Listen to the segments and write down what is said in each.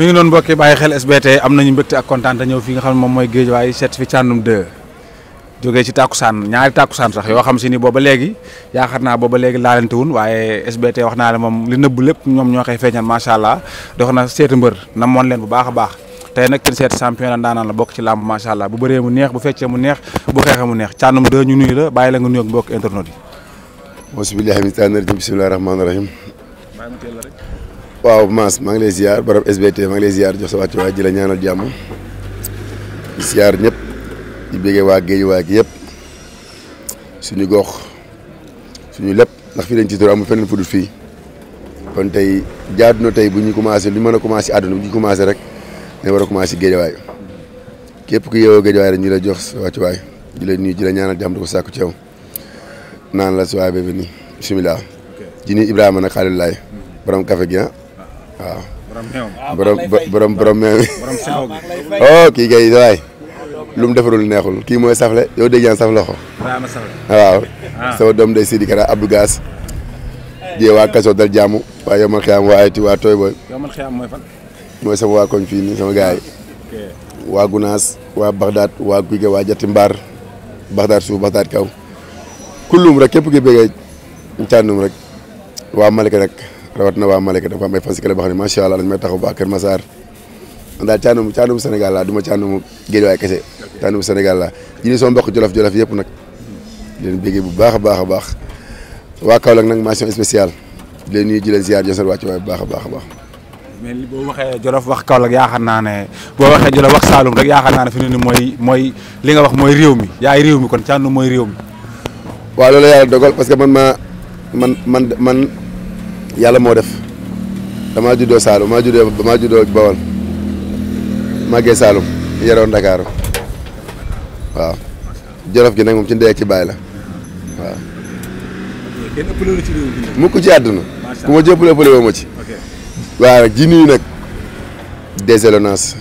mi ngi noonu mbokki bàyyi xel SBT am nañu mbégte ak kontaan te ñëw fii nga xam moom mooy géej waaye seet fi Thiandoum 2 jógee ci tàkkusaan ñaari tàkkusaan sax yoo xam si ni booba léegi yaakaar naa booba léegi laalante wun waaye SBT wax naa la moom li nëbb lépp ñoom ñoo koy feeñal macha allah dox na seeti mbër na moon leen bu baax a baax te nag kenn seet champion la ndaanaan la bokk ci làmb macha allah bu bëree mu neex bu feccee mu neex bu xeexee mu neex Thiandoum 2 ñu nuyu la bàyyi la nga mbokk internet yi. mos billahi min taanir bismillahi rahmaani waaw Mass maa ngi lay ziar barab SBT maa ngi lay ziar jox sa wàccuwaay ji la ñaanal jàmm di ziar ñëpp di waa géej waa yëpp suñu gox suñu lépp ndax fii lañ ci tur amul feneen fu dul fii kon tey jaadu na tey bu ñu commencé lu ñu mën commencé àdduna bu ñu commencé rek ne war a commencé géejawaay képp ku yeewoo rek ñu la jox sa wàccuwaay di la nuyu di la ñaanal jàmm di ci yow naan la si waay bi nii bisimilah. ji nii Ibrahima nag xaalil laay borom café gi ah. waaw. borom borom borom meew oh kii kay waay lu mu defarul neexul kii mooy safle yow dégg naa saf loxo. waaw. Ah. sama doom day Sidi Kara Abdou Gaas. waa Kaso dal jaamu waa yomal xiyaam waa Ayti waa Tooy Boy. mooy fan. waa koñ fii sama gars waa Gunaas waa Baxdaat waa Guigé waa Jati Mbaar suuf Baxdaat kaw. kullum rek képp ki bëggee càndum rek waa Malika rek. rawat na waa Malika dafa am ay fasikale boo xam ne ba Kër Massar man daal caanum caanum Sénégal laa du ma caanum Géejawaay kese caanum Sénégal laa ji ni sama mbokk jolof jolof nag di leen béggee bu baax a baax a baax waa Kaolack nag mention spéciale di leen nuyu di leen ziar josal wàcc waay bu a baax a baax mais li boo waxee Saalum rek yaakaar naa fi mu nii mooy mooy li nga wax mooy réew mi yaay réew mi kon Thiandoum mooy réew mi. waaw loolu yàlla dogal parce que man ma yàlla moo def damaa juddoo Saalum maa juddoo damaa juddoo Bawol màggee Saalum yaroo Ndakaaru waaw jolof gi nag moom ci ndey ci bàyyi la waaw. mukk ci àdduna. ku ma jëppale ëppale ma ci. waaw nag ji nuyu nag des élonnances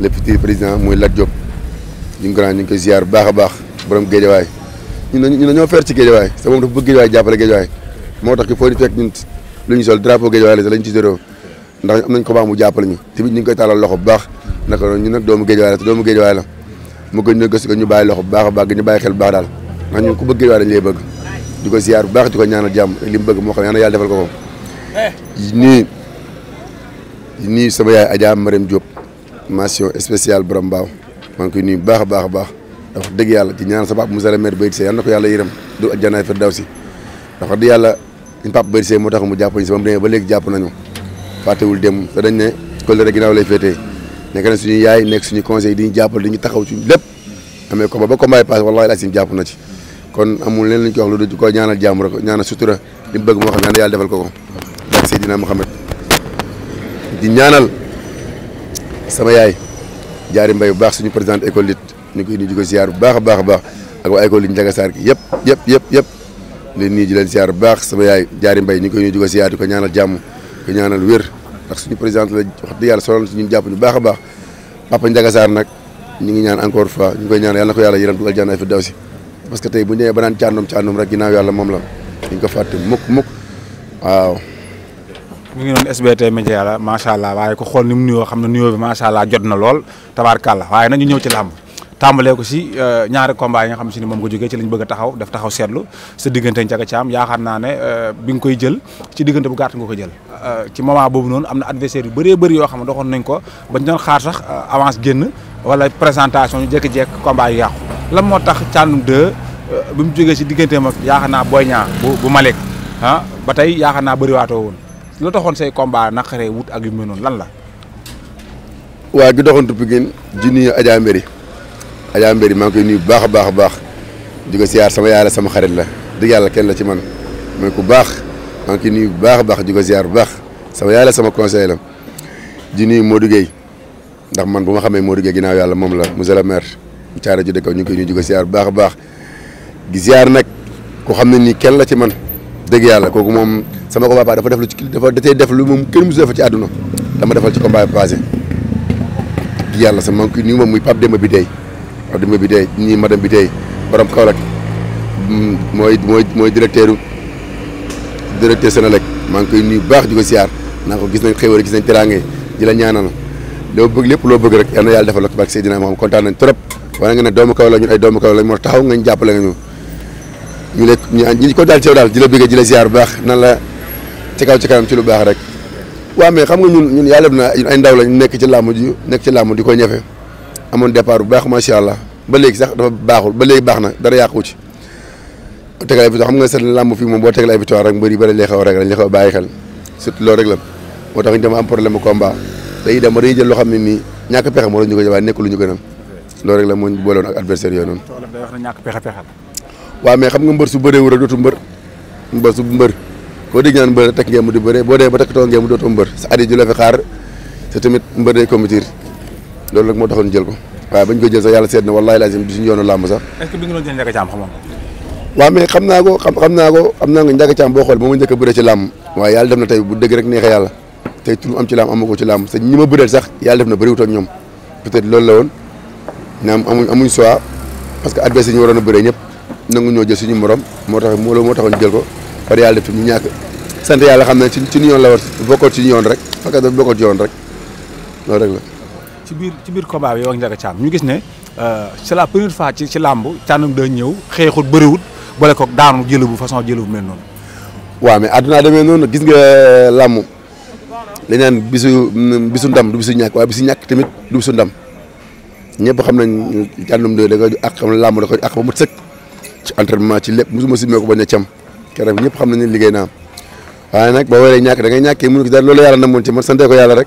le petit président muy Lat Diop ñu ngi ñu ngi koy ziar bu baax a baax waay géejawaay ñu ne ñu ne ñoo fer ci géejawaay sa moom dafa bëgg géejawaay jàppale géejawaay moo tax il faut ñu fekk ñun. lu ñu sol drapeau Guédiawaye la sax lañ ci déroo ndax am nañ ko baax mu jàppale ñu tamit ñu ngi koy tàllal loxo bu baax naka noonu ñu nag doomu Guédiawaye la te doomu Guédiawaye la mu gën ñu gëstu ko ñu bàyyi loxo bu baax a baax ñu bàyyi xel bu baax daal ndax ñun ku bëgg Guédiawaye ko ziar bu baax di ko ñaanal jàmm ak li mu bëgg moo xam ne yàlla defal ko ko nii nii sama yaay Adja Marème Diop mention spéciale borom mbaaw maa ngi bu baax a baax a baax dafa dëgg yàlla ci ñaan sa baab Moussa le maire Bayit Seye na ko yàlla yërëm du ajjanaay firdawsi dafa di yàlla suñ papa bëri see moo tax mu jàpp ñu si ba mu demee ba léegi jàpp nañu fàttewul dem te dañ ne kóllëre ginnaaw lay féetee nekk na suñu yaay nekk suñu conseil di ñu jàppal di ñu taxaw ci lépp amee combat ba combat yi paase wallaahi jàpp na ci kon amul leen lu ñu ko wax lu ñaanal jàmm rek ñaanal sutura li bëgg moo xam ne yàlla defal ko ko barke Seydina Muhammad di ñaanal sama yaay jaari mbay bu baax suñu présidente école lit ñu koy nuyu di ko bu baax a baax a baax ak waa école lit Ndiaga Sarr gi yëpp yëpp yëpp yëpp leen nii di leen siyaar baax sama yaay jaari mbay ñu ngi koy ñëw di ko siyaar di ko ñaanal jàmm ko ñaanal wér ndax suñu jàpp ñu baax a baax papa Ndiaga Sarr nag ñu ngi ñaan encore ñu ngi koy ñaan yàlla na ko yàlla yëram dugal jànnaay fi daw si parce que tey bu ñu demee ba naan càndoom càndoom rek ginnaaw yàlla moom la ñu ko fàtte mukk mukk waaw la macha allah waaye ko xool ni mu nuyoo xam ne nuyoo bi macha allah jot na lool tabaarkàlla waaye nañu ñëw ci làmb tàmbalee ko si euh, ñaari combat yi nga xam si ni moom ko jógee ci lañ bëgg taxaw def taxaw seetlu sa diggante Ndiaga Thiam yaakaar naa ne euh, bi nga koy jël ci diggante bu gàtt nga ko jël euh, ci moment boobu noonu am na adversaire yu bëree bëri yoo xam ne doxoon nañ ko bañ doon xaar sax avance génn wala présentation ñu jékki-jékki combat yu yàqu lan moo tax Thiandoum 2 mu jógee si digganteem ak yaakaar naa Boy Niang bu bu Malick ah ba tey yaakaar naa bëriwaatoo woon lu taxoon say combat naqaree wut ak yu mel noonu lan la waaw gi doxoon Pikine ji nuyu Adja Mbéri maa ngi koy bu baax a baax a baax di ko ziar sama yaay sama xarit la dëgg yàlla kenn la ci man mooy ku baax maa ngi koy bu baax a baax di ko ziar bu baax sama yaay sama conseil la di nuyu Modou Gueye ndax man bu ma xamee Modou Gueye ginnaaw yàlla moom la monsieur le maire caara ju dëkkaw ñu ngi koy nuyu di ko ziar bu baax a baax di ziar nag ku xam ne nii kenn la ci man dëgg yàlla kooku moom sama ko papa dafa def lu ci dafa datey def lu moom kenn musu def ci àdduna dama defal ci combat bi passé yàlla sama maa ngi koy moom muy Pape Demba bi tey Madimba bi tey ñii madame bi tey borom Kaolack mm, mooy mooy mooy directeur directeur Sénélec maa ngi koy nuyu baax di ko siyaar nan ko gis nañ xéwal gis nañ teraange ji la ñaanal loo bëgg lépp loo bëgg rek yal na yàlla defal la ko barke Seydina Muhammad kontaan nañ trop wala nga ne doomu Kaolack ñun ay doomu Kaolack moo taxaw nga ñu jàppale nga ñu ñu ne ñu ànd ñu ci daal di la bëggee di la siyaar bu baax nan la ci kaw ci kanam ci lu baax rek waaw mais xam nga ñun ñun yàlla def na ay ndaw lañ nekk ci làmb ji nekk ci làmb di ko ñefe amoon départ bu baax macha allah ba léegi sax dafa baaxul ba léegi baax na dara yàqu ci tegal ay victoire xam nga seen làmb fii moom boo tegal ay victoire rek mbër yi bëri lay xaw rek dañ lay xaw bàyyi xel surtout loolu rek la moo tax dem ba dañuy jël loo xam ne nii ñàkk pexe moo doon ñu ko waaye nekkul lu ñu gënal loolu rek la moo ñu boole woon ak adversaire yooyu noonu. tool day wax ne ñàkk pexe pexe la. waaw mais xam nga mbër su bëree wu rek dootu mbër mbër su mbër koo dégg naan mbër tekk ngeen mu di bëree boo dee too ngeen mu dootoo mbër sa at yi tamit mbër day combattre loolu nag moo taxoon jël ko waaye bañ ko jël sax yàlla seet na wallaahi lazim bi suñu yoonu làmb sax. est-ce que bi nga doon jël Ndiaga Thiam xamoon waaw mais xam naa ko xam naa ko am naa nga Ndiaga Thiam boo xool moo ma njëkk a bëree ci làmb waaye yàlla def na tey bu dëgg rek neexee yàlla tey tur am ci làmb amu ko ci làmb te ñi ma bëreel sax yàlla def na bëriwut ak ñoom peut-être loolu la woon naam amuñ amuñ choix parce que adversaire yi ñu waroon a bëree ñëpp nangu ñoo jël suñu morom moo tax moo moo taxoon jël ko par yàlla def tam ñu ñàkk sant yàlla xam ne ci ci yoon la war bokkoon ci yoon rek parce que dafa bokkoon ci yoon rek loolu rek la ci biir ci biir combat bi yow ak Ndiaga ñu gis ne euh, c'est la première fois ci ci làmb Thiandoum da ñëw xeexut bëriwut boole ko daanu jëlu bu façon jëlu bu mel noonu. waaw mais àdduna demee noonu gis nga euh, làmb dañ naan bisu mm, bisu ndam du bisu ñàkk waaye bisu ñàkk tamit du bisu ndam ñëpp xam nañ Thiandoum da ko ak xam ne làmb da ko ak mu sëkk ci entraînement ci lépp mosuma simee ko bañ a cam keroog ñëpp xam nañ ne liggéey naa waaye nag ko dara loolu yàlla namoon ci man sante ko yàlla rek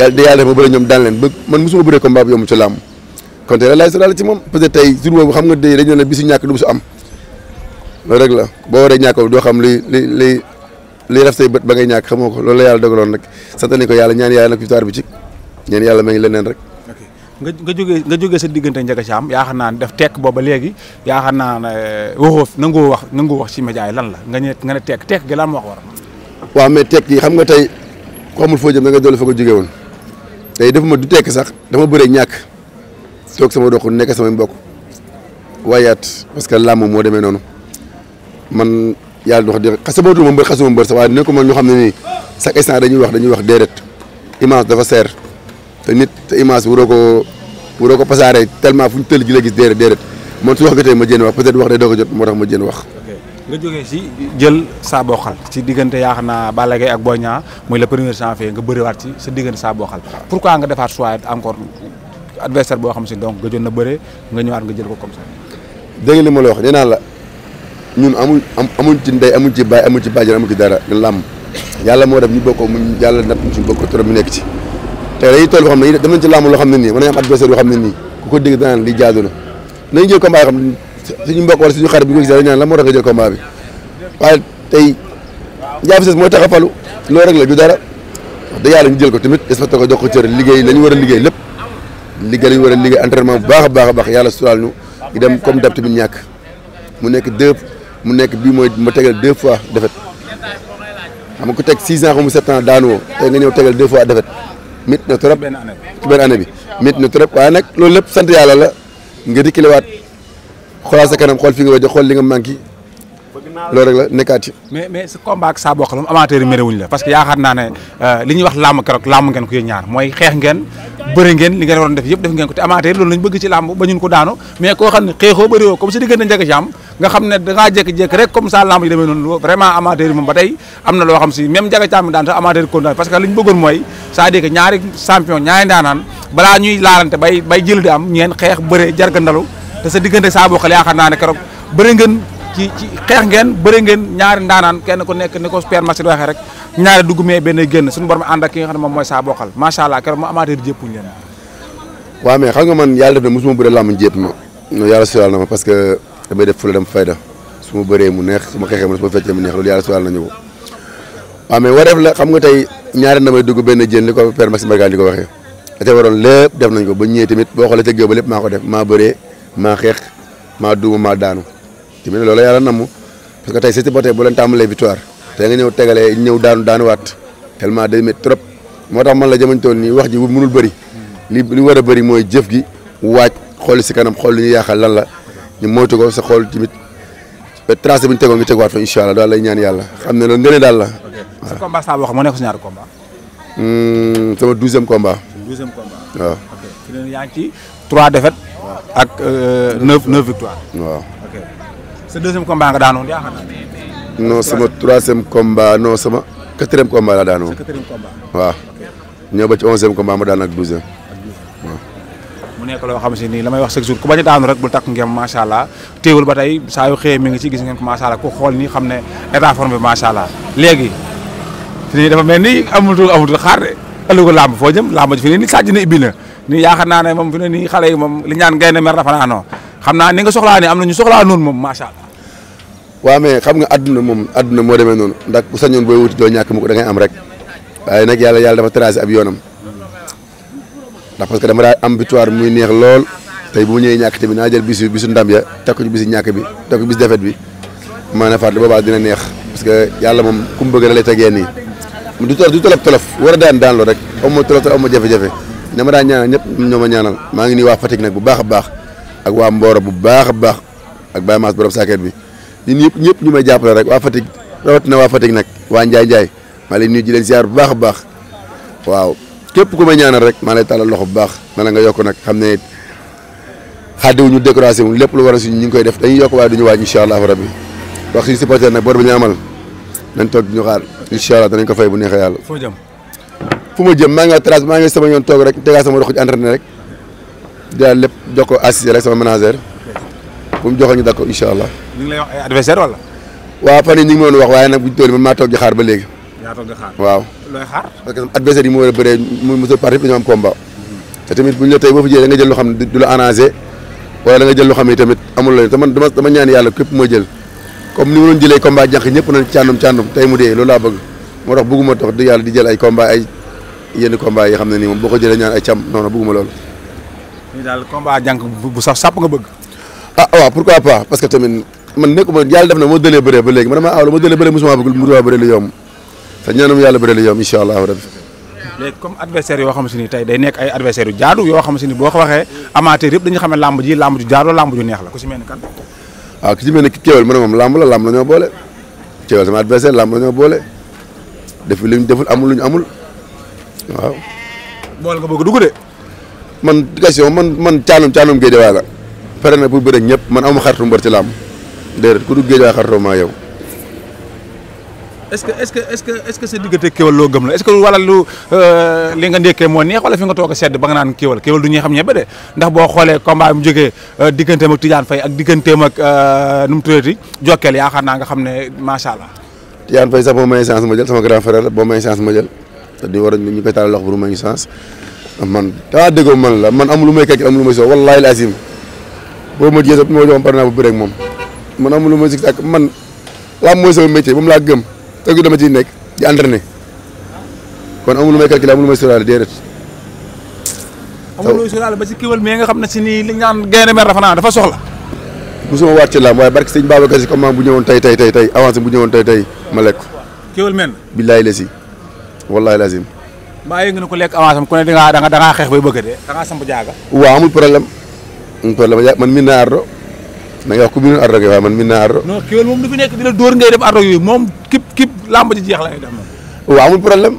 yàlla de yàlla def ma bëre ñoom leen ba man moom peut être tey jour boobu xam nga day dañu la boo waree ñàkk doo xam li li li li bët ba ngay ñàkk xamoo ko loolu la yàlla dogaloon rek sant nañ ko yàlla ñaan yàlla nag victoire bi ci ñaan yàlla may leneen rek nga nga jógee nga jógee sa diggante Ndiaga Thiam yaakaar naa def tekk booba léegi yaakaar naa ne eh, waxoo nangoo wax na nangoo wax ci média lan la nga ne nga ne tekk tekk gi laa ma wax war waaw mais tekk yi xam nga tey ku xamul foo jëm nga dolli fa ko jógee woon tey dafa ma du tekk sax dafa bëre ñàkk toog sama dox nekk samay mbokk waayaat parce que làmb moo demee noonu man yàlla dox di xasabatul ma mbër xasuma mbër sax waaye dina ko man ñoo xam ne nii chaque instant dañuy wax dañuy wax déedéet image dafa seer te nit te image waroo ko waroo ko pasaare tellement fu ñu tëll ji la gis déedéet déedéet man su wax jotee ma jéem wax peut-être day doo jot moo tax ma jéem wax nga jógee si jël saa bokkal ci diggante yaakaar naa Balla Gaye ak Boy Niang muy le premier janvier nga bëriwaat ci sa diggante saa bokkal pourquoi nga defaat choix encore adversaire boo xam si donc gëjoon na bëre nga ñëwaat nga jël ko comme li ma la wax nee naa la ñun amul amuñ ci ndey amuñ ci baay amuñ ci bàjjen amuñ ci dara làmm yàlla moo def ñu bokkoo mu yàlla napp suñu bokkoo trop mu nekk ci te dañuy toll boo xam ne dem nañ ci làmm xam ne nii mën nañ am adversaire yoo xam ne nii ku ko dégg danaan li jaadu na jël combat yoo xam suñu mbokk wala suñu xarit bi ko gisee rek ñaan la moo tax nga jël combat bi waaye tey Ndiaye Fessène mooy tax a falu loolu rek la du dara wax dëgg yàlla ñu jël ko tamit respecté ko jox ko cër liggéey la ñu war a liggéey lépp liggéey la ñu war a liggéey entraînement bu baax a baax a baax yàlla suturaal ñu ñu dem comme dab tamit ñàkk mu nekk deux mu nekk bii mooy ma tegal deux fois defet xam nga ku teg six ans xamu sept ans daanoo tey nga ñëw tegal deux fois defet mit na trop ci benn année bi mit na trop waaye nag loolu lépp sant yàlla la nga dikkiliwaat ko sa kanam xool fi nga wéjjee xool li nga manqué loolu rek la nekkaat ci. mais mais sa combat ak saa boo xam amateur yi merewuñ la parce que yaakaar naa ne euh, li ñuy wax làmb ngeen ko yéen ñaar mooy xeex ba ñun ko daanu comme si diggante njëkk jàmm nga xam ne dangaa jékki-jékki rek comme ça làmb yi demee noonu vraiment amateur moom ba tey am na loo xam si même njaga càmm daan sax amateur yi kontaan parce que li ñu mooy c'est-à-dire ñaari champion ñaari ndaanaan te sa diggante saa bokkal yaakaar naa ne keroog bëri ngeen ci ngeen bëri ngeen ñaari ndaanaan kenn ku nekk ni ko Père Massi waxee rek ñaari dugg benn génn suñu borom ànd ak ki nga xam ne moom mooy saa bokkal macha allah keroog mu amateur jéppuñ leen waaw mais ma yàlla suyal na ma parce que damay ma bëree mu neex su ma xeexee mu ma feccee mu neex loolu yàlla suyal na ñëw wareef la xam nga tey ñaari ndamay dugg benn jën li ko Père Maxime Bargane di ko waxee da waroon lépp def nañ ko ba ñëwee boo xoolee ca géew ba lépp maa ko def maa xeex maa duuma maa daanu tamit loolu yàlla namu parce que tey Siteu ba tey bu leen tàmbalee victoire tey nga ñëw tegalee ñëw daanu daanuwaat tellement day métti trop moo tax man la jamono tool nii wax ji mënul bëri li li war a bëri mooy jëf gi waaj xool si kanam xool li ñu yaaxal lan la ñu moytu ko sa xool tamit tracé bi ñu tegoon nga teguwaat fa incha allah daal lay ñaan yàlla xam ne loolu ngeen daal la. sa combat saa boo xam moo nekk si ñaari combat. Hmm, sama douzième combat. douzième combat waaw. ok ak 9 euh, 9 victoires. waaw ok sa deuxième combat nga daanoon yaakaar naa. non sama troisième combat non sama quatrième combat laa daanoon. waaw ñëw ba ci onzième combat ma daan ak douzième. mu nekk loo xam si nii la wax chaque jour ku bañ a daanu rek bul takk ngeen macha allah téewul ba tey saa xëyee mi ngi ci gis ngeen ko macha allah ku xool nii xam ne état forme bi macha allah léegi fi nii dafa mel ni amatul amatul xaar de ëllëgu làmb foo jëm làmb ji fi nii ni sàjj ni yaakaar naa ne moom fi ne nii xale yi moom li ñaan gaynde mer dafa naa noo xam naa ni nga soxlaa ni am na ñu soxlaa noonu moom macha allah. waaw mais xam nga adduna moom adduna moo demee noonu ndax bu sañoon booy wuti doo ñàkk mu ko am rek waaye nag yàlla yàlla dafa tracé ab yoonam ndax parce que dama daa am victoire muy neex lool te bu ñëwee ñàkk bi naa jël bisu bisu ndam ya teg ko ci bisu ñàkk bi teg ko bisu defet bi maanaam fàttali boobaa dina neex parce que yàlla moom ku bëgg a lay tegee nii du tolof du tolof war a daan daan loo rek amoo tolof tolof amoo jafe-jafe na ma daa ñaanal ñëpp ñoo ñaana maa ngi nii waa Fatick nag bu baax baax ak waa Mboro bu baax a baax ak Baye Mass borom saakeet bi ñun ñëpp ñëpp ñu may jàppale rek waa Fatick rawatina waa Fatick nag waa Njaay Njaay maa leen nuyu di leen bu baax a baax waaw képp ku ma ñaana rek maa lay tàllal loxo bu baax ma la nga yokk nag xam ne xaddiwu ñu décoration wu lépp lu war a suñu ñu ngi koy def dañuy yokk waaye duñu waaj incha allah rabbi wax suñu supporter nag bor bi ñu amal nañ toog ñu xaar incha allah danañ ko fay bu neexee yàlla fu ma jëm maa ngi trace sama yoon toog rek tegaat sama roxu ci entraîné rek daal lépp jox ko assisé rek sama manager bu mu joxoon ñu dakko ngi lay wax ay adversaire wala. waaw fan yii wax waaye nag buñ toll man maa toog di xaar waaw. looy xaar parce que adversaire a bëree mu monsieur Paris dañoo am combat. te tamit buñ la jël loo xam ne du la arrangé wala da nga jël loo xam ne tamit amul la te man dama dama ñaan yàlla képp moo jël comme ni ma doon jëlee combat jànq ñëpp nañ càndum càndum tey mu dee loolu laa bëgg moo tax bëgguma tax di yàlla di jël ay combat ay yenn combat yi xam ne nii moom boo ko jëlee ñaan ay càmm non non bëgguma loolu. bu saf nga bëgg. ah waaw pourquoi pas parce que tamit man nekkuma yàlla def na moo dëlee bëree ba léegi man damaa ah, moo dëlee bëree musuma bëgg mu doon bëree lu yomb te ñaanam yàlla bëree lu yomb allahu rabbi. léegi comme adversaire yoo xam si ni tey day nekk ay adversaire yu jaadu yoo xam si ni boo ko waxee amateur yëpp dañu xam ne làmb ji làmb ju jaadu làmb ju neex la ku si mel waaw. bool nga bëgg dugg de. man question man man caalum caalum géejawaay la. pare na pour bëre ñëpp man amuma xaritu mbër ci làmb déedéet ku dugg géejawaay xaritoo maa yow. est-ce que est-ce que est-ce que est-ce que sa diggante kéwal loo gëm la est-ce que wala lu euh, li nga ndékkee moo neex wala fi nga toog a sedd ba nga naan kéwal kéwal du ñuy xam ñebe de ndax boo xoolee combat mu jógee euh, digganteem ak Tidiane Faye ak digganteem ak euh, nu mu tuddati Jokkel yaakaar naa nga xam ne macha allah. Tidiane Faye sax boo may chance ma jël sama grand frère boo may chance ma jël. te di war a ñu koy tàllal loxo bu may chance man daa déggoo man la man am lu may kekk am lu may so wallaahi laasim boo ma moo joxoon par exemple bu bëreeg moom man am lu may si tàkk man laa mooy sama métier moom laa gëm tegu dama ciy nekk di entraîné kon amul lu may calculé amul lu may sóoraale déedéet. ba ci kéwél mais nga xam ne si nii li ñu naan gaynde mer dafa naan dafa soxla. musuma waat ci laam waaye barke sëñ Babacar si commande bu ñëwoon tey tey tey tey avancé bu ñëwoon tey tey ma lekk. kéwél men. billaay la si. wallaahi lazim. mbaa yëngu na ku lekk avance am ku ne da ngaa da ngaa xeex bay bëgg a dee da ngaa samp jaaga. waaw amul problème amul man mii naa ardo na ku mënoon ardo gi man mii naa ardo. non kéwél moom du fi nekk di la dóor ngay def ardo yooyu moom kip kip làmb ji jeex la ngay def waaw amul problème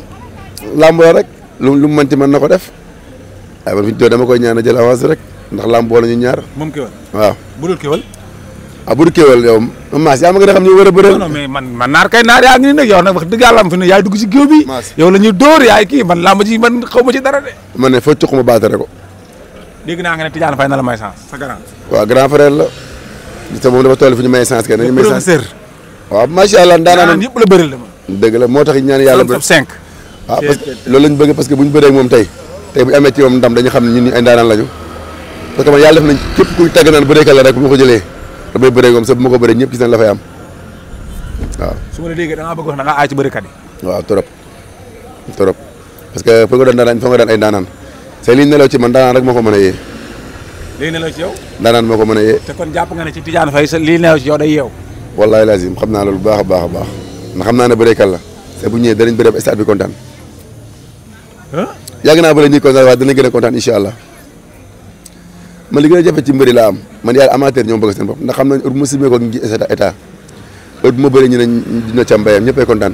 làmb rek lu lu mu mënti mën na ko def a man fi ñu dama koy ñaan a jël avance rek ndax làmb boole ñu ñaar. moom kéwél waaw budul kéwél waaw ah, bu du kéwél yow maas yaa ma gën a xam ñu war a bëre non mais man man naar kay naar yaa ngi nii nag yow nag wax dëgg yàlla am fi ne yaay dugg ci géew bi yow la ñuy dóor yaay kii man laa ma man xaw ma ci dara de man ne foo cuquma baatare ko dégg naa nga ne Tidiane Faye na la may chance sa grand waaw grand frère la gis moom dafa toll fi ñu may chance kay la bëri la ma dëgg la moo tax ñaan yàlla bëri cinq waaw ah, parce que loolu lañ bëgg kala rek bu ma damay bëree moom sax bu ko bëree ñëpp gis nañ la am waaw. su ma la déggee da ngaa bëgg wax da ngaa aay ci bërikat yi. waaw trop trop parce que pour nga doon daanaan foo nga daan ay daanaan c'est li ci man daanaan rek moo ko mën a yee. lii nelaw ci yow. daanaan moo ko mën a yee. te kon jàpp nga ne ci Tidiane Faye sa lii nelaw ci yow day yeew. wallahi lazim xam naa loolu baax a baax a baax na xam naa ne bëreekat la te bu ñëwee danañ bëre ba stade bi kontaan. yàgg naa bëre ñuy kontaan waaye danañ gën a kontaan incha ma li gën a jafe ci mbëri laa am man yàlla amateur ñoom bëgg seen bopp ndax xam nañ heure bu ma simee ko ngi état heure bu ma bëree ñu ne dina ca mbayam ñëppay kon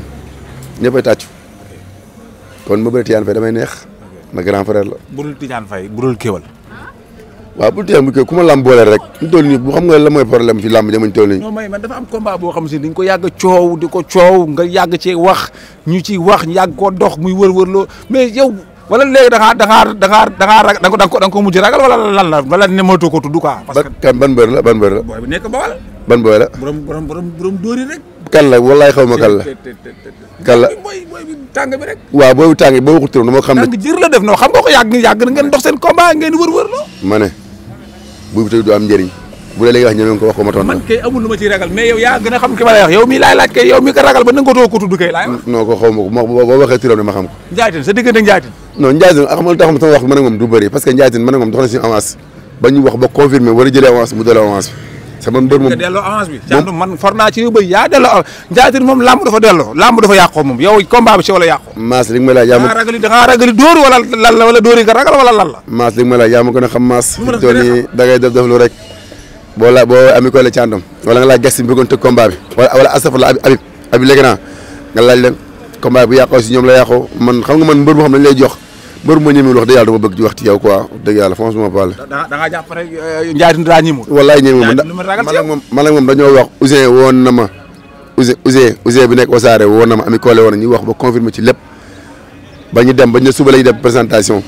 ma bëri Tidiane damay neex ma grand frère la. budul Tidiane fay budul Kéwal. waaw budul Tidiane bu Kéwal ku ma lam boole rek ñu toll bu xam nga la mooy problème fi làmb jamono toll nii. non mais man dafa am combat boo xam si dañ ko yàgg coow di ko coow nga yàgg cee wax ñu ci wax ñu yàgg koo dox muy wër-wër loo mais yow wala léegi da ngaa da ngaa da ngaa da ngaa da nga ko da nga ko mujj ragal wala lan la wala ne moytoo ko tudd quoi. parce que kan ban mbër la ban mbër la. booy bi nekk bawal. ban booy la. borom borom borom borom dóor yi rek. kan la walaay xaw ma kan la. kan la booy booy bi tàng bi rek. waaw booy bu tàng boo waxul turam dama xam ne. tàng jër la def noo xam nga ko yàgg yàgg ngeen dox seen combat ngeen wër-wër loo. ma ne buy bi tey du am njëriñ. bu dee léegi wax ñoom ko wax ko ma tontu man kay amul lu ma ciy ragal mais yow yaa gën a xam ki ma lay wax yow mi laay laaj kay yow mi ko ragal ba nangatoo ko tudd kay laay wax non ko xaw ma ko boo waxee turam ne ma xam ko njaatin sa diggante njaatin non Ndiaye Tine ah, xam nga tax sama wax man ak moom du bëri parce que Ndiaye Tine man ak moom dox avance ba ñu ba confirmé war a jëlee avance mu delloo avance bi sama mbër moom delloo avance bi man la wala dóor yi a xam maas fi toll nga bi wala si ñoom la yàqoo man xam nga man mbër moo xam lañ lay jox mbër ma ñëmewul wax dëgg yàlla dama bëgg ci wax ci yow quoi dëgg yàlla franchement euh, ma Ouzin Ouzin bi nekk Wassare woon na ma wax ba confirmer ci lépp ba dem ba suba lañu def présentation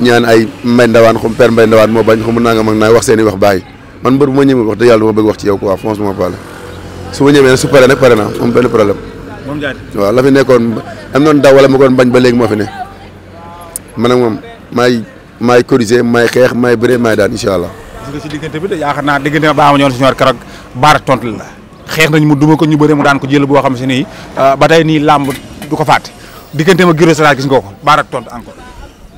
ñaan ay mbay ndawaan xom père mbay ndawaan moo bañ xamu nangam ak naa wax seen wax bàyyi man mbër bu ma wax dëgg yàlla dama bëgg wax ci yow quoi franchement parle su ma ñëmee nag su paree nag pare naa am benn problème waaw la fi nekkoon am noonu daw wala ma koon bañ ba léegi moo fi ne man ak moom maay maay corriger maay xeex maay bëree maay daan incha allah. gis nga si diggante bi de yaakaar naa ba baax ma ñëwoon si ñor keroog baar tontu la xeex nañ mu duma ko ñu bëree mu daan ko jël boo xam si nii euh, ba tey nii lamb du ko fàtte diggante ma Giro Seras gis nga ko baar tont tontu encore.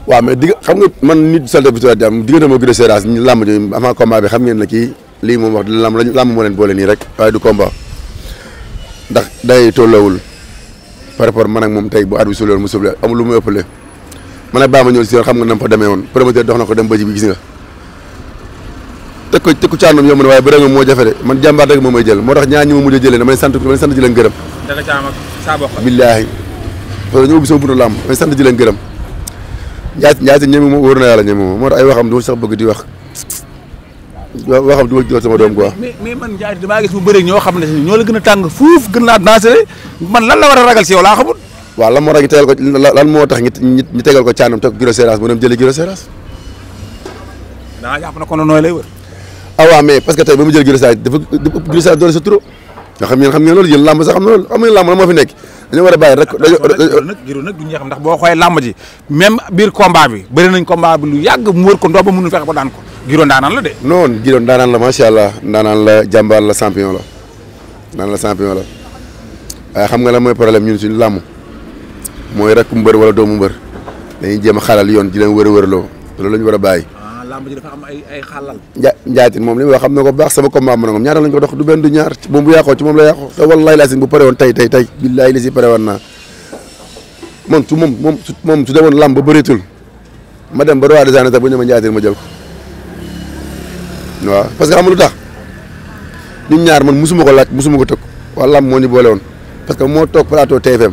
waaw mais xam nga man nit salte bi tuwaat jàmm diggante ma Giro Seras ñu làmb jooju avant combat bi xam ngeen ne kii lii moom wax lamb lañ làmb moo leen boole nii rek waaye du combat ndax day tolloowul par rapport man ak moom tey bu at bi suuloon mu suulee lu mu ëppale ma ne baa ma ñëw si yow xam nga fa demee woon promoteur dox na ko dem ba ji bi gis nga teg ko yomb na waaye bëre moo jafe de man jàmbaar moom may moo tax ñaar ñi ma mujj a jëlee dama leen sant dama leen sant ji leen ji leen gërëm njaay njaay si ñeme ma wóor na yàlla ñeme ma moo tax ay waxam du sax bëgg di wax waxam du ma jël sama doom quoi mais mais man njaay damaa gis mu bëri ñoo xam ne ñoo la gën a tàng fuuf gën laa danser man lan la war a ragal si yow laa xamul waaw lan moo tax ñu tegal ko lan moo tax ñu tegal ko teg Guiro Séras mu dem jëli Guiro a danaa jàpp na kon nooy lay wër. ah waaw mais parce que tey ba mu jël a Séras dafa Guiro Séras doole sa trop xam ngeen xam ngeen loolu yéen làmb sax xam na loolu la moo fi nekk dañoo war a bàyyi rek. dañoo nag na nag du ñu xam ndax boo xoolee làmb ji même biir combat bi bëri nañ combat bi lu yàgg mu wër ko ndox ba mënul fexe ba daan ko Guiro ndaanaan la de. non Guiro ndaanaan la macha allah ndaanaan la jàmbaar la champion la ndaanaan la champion la waaye nga la mooy problème ñun suñu làmb mooy rakk mbër wala doomu mbër dañuy jéem a xalal yoon di leen wërëwërloo loolu lool ñu war a bàyyi. Ah, lamb ji dafa am ay ay xalal. Nja Njaatin moom li muy wax xam na ko baax sama combat am na moom ñaata lañ ko dox du benn du laa si bu pare woon tey tey tey billaay li si pare su moom moom moom su demoon lamb ba bëreetul ma dem ba roi des arènes sax bu ñu demee Njaatin ma jël ko waaw parce que xam lu tax ñun ñaar man musuma ko laaj musuma ko tëkk waa lamb moo ñu boole woon parce que moo toog plateau TFM.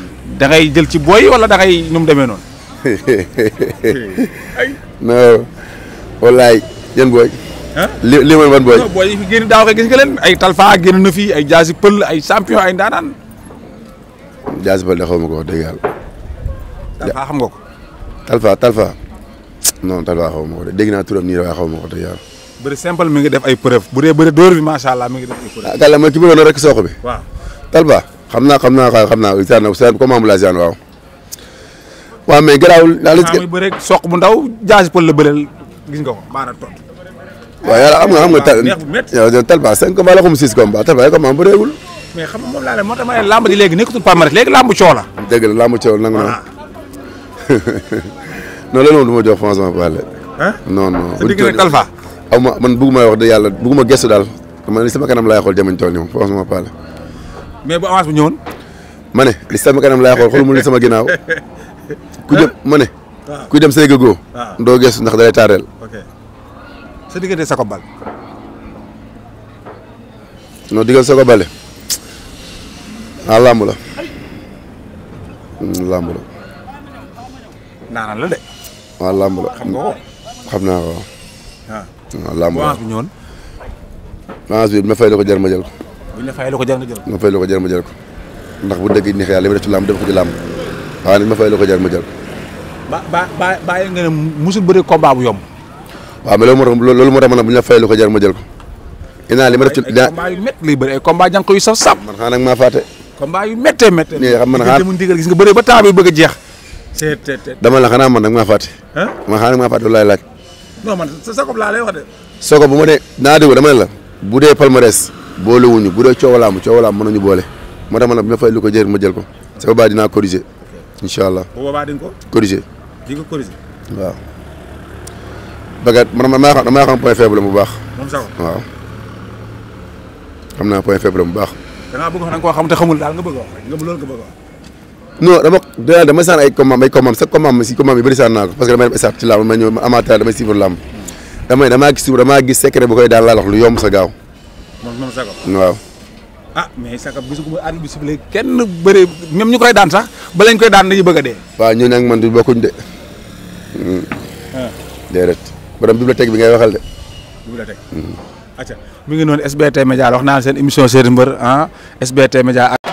da ngay jël ci booy wala da ngay nu mu demee noonu. non wallaay yan booy. li li ban booy. non fi génn daaw gis nga leen ay talfa génn na fi ay jaasi pël ay champion ay ndaanaan. jaasi pël de xaw ma ko wax dëgg yàlla. talfa xam nga ko. talfa talfa non talfa xaw ma ko naa turam nii waaye xaw ma ko dëgg yàlla. bëri simple mi ngi def ay preuve bu dee bëri dóor bi macha allah mi ngi def ay preuve. ah kàlla ma ci bëri na rek sox bi. waaw talfa. xam naa xam naa xam naa saan saan comme ambulance waaw. waaw mais garaawul. daal bu ndaw jaasi pël la bëreel gis nga ko baara tot. waaw am nga am nga tal yow talba cinq combat la xum six combat talba ay combat bu réewul. mais xam nga moom laa ne moo tax ma ne làmb ji léegi nekkatul palmarès léegi làmb coow la. dëgg la làmb coow nag na non loolu moom du ma jox franchement parler. non non sa digg talfa. aw ma man bëgguma wax de yàlla bëgguma gëstu daal man li sama kanam laay xool mais bu avance bu ñëwoon. ma ne li sama kanam laay xool xooluma li sama ginnaaw ku jëm ma ku dem Sénégal goo. doo gëstu ndax dalay taareel. ok sa diggante Sako Bal. non diggante Sako Bal ah làmb la hmm, làmb la. naanaan la de. waaw ah, làmb xam nga ko. xam naa ko waaw. Ah. Ah, waaw làmb la avance bu ñëwoon. avance bi ma fay la ko jar ma bu ñu la fayee loo ko jar nga jël ko. ma fay loo ko jar ma jël ko ndax bu dëgg neexee yàlla a ma a ci làmb def ko ci làmb waaye nag ma fay loo ko jar ma jël ko. ba ba ba bàyyi nga ne musul bëri combat bu yomb. waaw mais loolu moo tax loolu ma ne bu ñu la fayee ma jël ko. inaa li ma def ci ay combat yu métti lay bëri ay combat jànq yu saf saf. man xanaa ma maa fàtte. combat yu méttee méttee. nii xam man xanaa li mu ndigal ba temps bi bëgg a la xanaa man nag maa loolu laay laaj. non man sa sokob de. sokob dama ne bu dee palmarès boolewuñu bu dee coow làmb coow làmb mën nañu boole moo tax ma ne ma fay lu ko jëriñ ma ko. sa boobaa dinaa corriger. incha allah ko. corriger di nga corriger. waaw. Bagat man man maa xam bu baax. moom sax waaw. xam naa point faible bu baax. da si commande bi bëri saan parce que damay def ci làmb damay ñëw amaat damay suivre làmb. damay gis damaa gis koy daal laa wax lu sa gaaw moom moom Sakho. waaw. a ah mais Sakho gisagu ma ànd bi sifle kenn bëre même ñu koy daan sax ba lañ koy daan dañuy bëgg a dee. waaw ñooñu ak man du bokkuñ de. Ah. déedéet borom bibliothèque bi ngay waxal de. bibliothèque. Mm. acca mi ngi noonu SBT Média wax naa seen émission Seeti Mbër ah SBT Média.